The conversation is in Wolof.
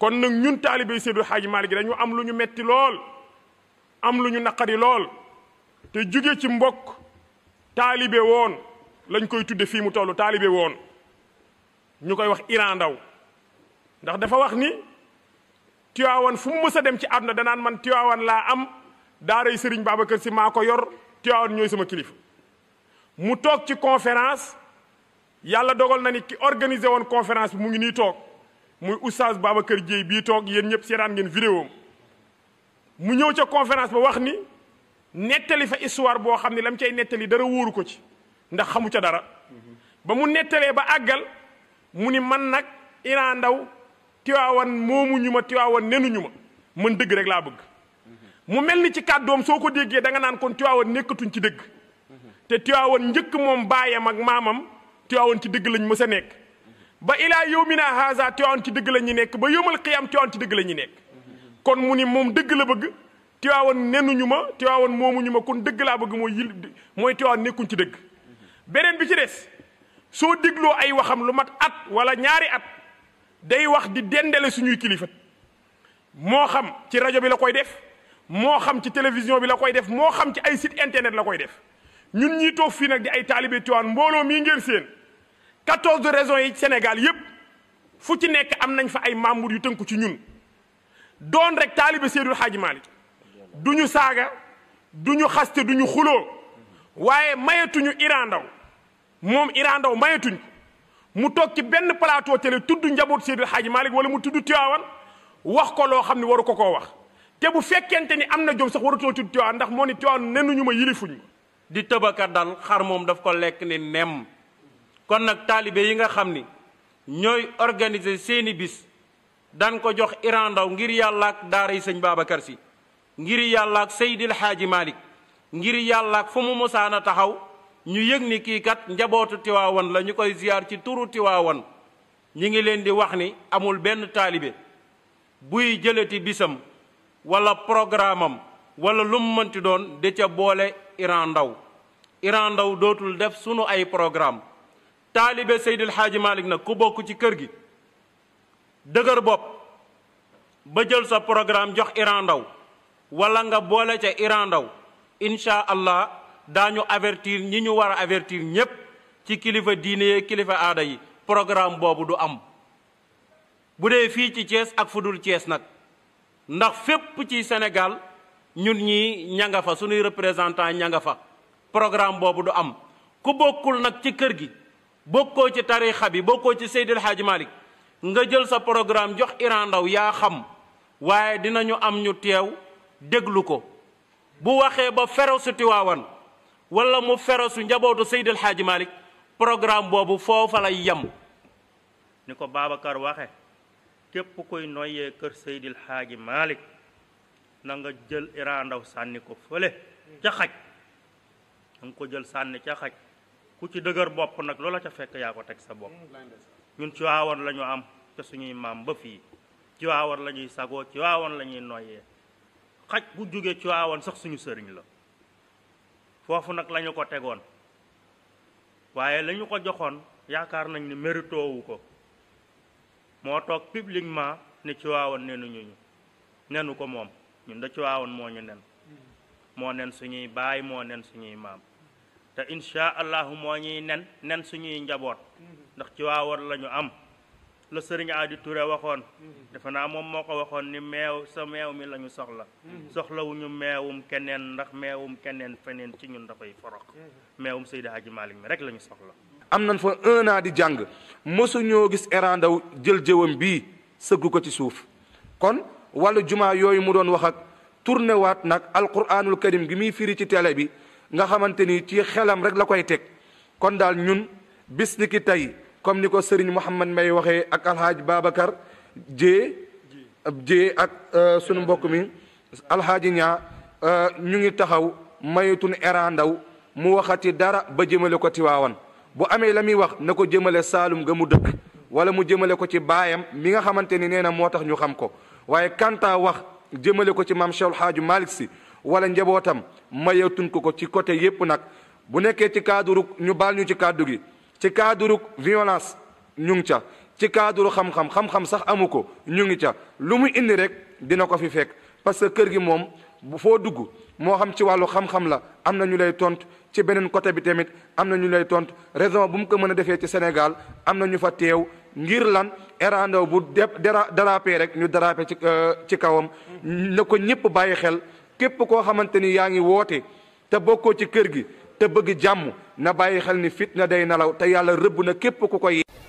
kon nag ñun taalibe Seydou Hadji Malick gi dañu am lu ñu metti lool am lu ñu naqari lool te jóge ci mbokk taalibe woon lañ koy tudde fii mu toll taalibe woon ñu koy wax Iran Ndaw ndax dafa wax ni Tiwaawan fu mu mës dem ci àdduna danaan man Tiwaawan laa am daaray Sëriñ Babacar Si maa ko yor Tiwaawan ñooy sama kilifa mu toog ci conférence yàlla dogal na ni ki organisé woon conférence bi mu ngi nii toog muy oustaz kër Dieye bii toog yéen ñëpp seetaan ngeen vidéo mu ñëw ca conférence ba wax ni nettali fa histoire boo xam ne la mu cay nettali dara wóoru ko ci ndax xamu ca dara ba mu nettalee ba àggal mu ni man nag Iran Ndaw Tiwaawan moomu ñu ma Tiwaawan nenuñu ma mën dëgg rek laa bëgg mu mel ni ci kàddoom soo ko déggee da nga naan kon Tiwaawan nekkatuñ ci dëgg te Tiwaawan njëkk moom baayam ak maamam Tiwaawan ci dëgg lañ mës a nekk ba ilaa yawmina haza Tiwaawan ci dëgg la ñu nekk ba yawmal qiyaam Tiwaawan ci dëgg la ñu nekk kon mu ni moom dëgg la bëgg Tiwaawan nenuñu ma Tiwaawan moomuñu ma kon dëgg laa bëgg mooy yil mooy Tiwaawan nekkuñ ci dëgg beneen bi ci des soo dégloo ay waxam lu mat at wala ñaari at day wax di dendale suñuy kilifa moo xam ci rajo bi la koy def moo xam ci télévision bi la koy def moo xam ci ay site internet la koy def ñun ñii toog fii nag di ay taalibe Tiwaawan mbooloo mii ngeen seen quatorze régions yi senegal yëpp fu ci nekk am nañ fa ay membres yu ko ci ñun doon rek taalibe Seydul Xaaji Maalik du ñu saaga du ñu xaste du ñu xuloo waaye mayetuñu Iran Ndaw moom Iran Ndaw mayetuñ mu toog ci benn plateau télé tudd njaboot Seydul Xaaji Maalik wala mu tudd Tiwaawan wax ko loo xam ne waru ko koo wax te bu fekkente ni am na jom sax warutoo tudd Tiwaawan ndax moo ni Tiwaawan nenuñu ma yilifuñ ma di tëbaka dal xar moom daf ko lekk ni nem kon nag taalibe yi nga xam ni ñooy organiser seeni bis daan ko jox Iran Ndaw ngir yàlla ak yi sëñ Babacar Si ngir yàllaak ak Seydil Xaaji Malick ngir yàllaak ak fu mosaan a taxaw ñu yëg ni kii kat njabootu Tiwaawan la ñu koy ziyaar ci turu Tiwaawan ñi ngi leen di wax ni amul benn taalibe buy jëlati bisam wala programme am wala lu mu mënti doon da ca boole Iran Ndaw Iran Ndaw dootul def sunu ay programme taalibe Seydil Xaaji Malick nag ku bokk ci kër gi dëgër bopp ba jël sa programme jox Iran Ndaw wala nga boole ca Iran Ndaw incha allah daañu avertir ñi ñu war a avertir ñépp ci kilifa diine yee kilifa aada yi programme boobu du am bu dee fii ci Thiès ak fudul Thiès nag ndax fépp ci Sénégal ñun ñi ña nga fa suñuy représentant ña nga fa programme boobu du am ku bokkul nag ci kër gi bokkoo ci tariixa bi bokkoo ci Seydil Hadji malik nga jël sa programme jox Iran Ndaw yaa xam waaye dinañu am ñu teew déglu ko bu waxee ba fero su Tiwaawan walla mu fero su njabootu Seydil Hadji malik programme boobu foofa lay yem ni ko Babacar waxe képp koy noyyee kër Seydil Hadji Malick na nga jël Iran Ndaw sànni ko fële ca xaj na nga ko jël sànni ca xaj ku ci dëgër bopp nag loola ca fekk yaa ko teg sa bopp ñun ci waawoon la am te suñuy maam ba fii ci waawoon la ñuy sagoo ci waawoon la ñuy noyyee xaj bu jógee ci waawoon sax suñu sëriñ la foofu nag lañu ko tegoon waaye lañu ko joxoon yaakaar nañ ni méritoowu ko moo toog publiquement ne ci waawoon nenu ñu nenu ko moom ñun da ci waawoon moo ñu nen mm-hmm. moo nen suñuy baay moo nen suñuy maam ta insha Allah mo ñuy nen nen suñuy njabot ndax ci waawor lañu am le serigne adi touré waxoon dafa na mom moko ko ni meew sa meew mi lañu soxla wuñu meewum kenen ndax meewum kenen fenen ci ñun fay forox meewum seydi haji malik mi rek lañu soxla am nañ fa 1 an di jàng ñoo gis erandaw jël jëwëm bi ko ci suuf kon walu juma yoy mu doon wax ak tourner wat nak alquranul karim gi mi firi ci tele bi nga xamante ni ci xelam rek la koy teg kon daal ñun bis ni ki tey comme ni ko Serigne Mouhamad may waxee ak alhaaj Babacar Dieng Dieng ak euh, sunu mbokk mi alhaaji ñaa euh, ñu ngi taxaw mayutun era ndaw mu waxati dara ba jëmale ko Tiwaawan bu amee la muy wax na ko jëmale Saalum ga mu dëkk wala mu jëmale ko ci baayam mi nga xamante ni nee na moo tax ñu xam ko waaye kanta wax jëmale ko ci maam Cheikh El Hadj si wala njabootam mayeetuñ ko ko ci côté yépp nag bu nekkee ci cadre ñu baal ñu ci kàddu gi ci cadre violence ñu ngi ca ci cadre xam-xam xam sax amu ko ñu ngi ca lu mu indi rek dina ko fi fekk parce que kër gi moom bu foo dugg moo xam ci wàllu xam-xam la am na ñu lay tontu ci beneen côté bi tamit am na ñu lay tontu raison bu mu ko mën a defee ci Sénégal am na ñu fa teew ngir lan erando bu darape rek ñu dérapé ci euh, ci kawam na ko ñëpp bàyyi xel. képp koo xamante ni yaa ngi woote te bokkoo ci kër gi te bëgg jàmm na bàyyi xel ni na day nalaw te yàlla rëbb na képp ku ko koy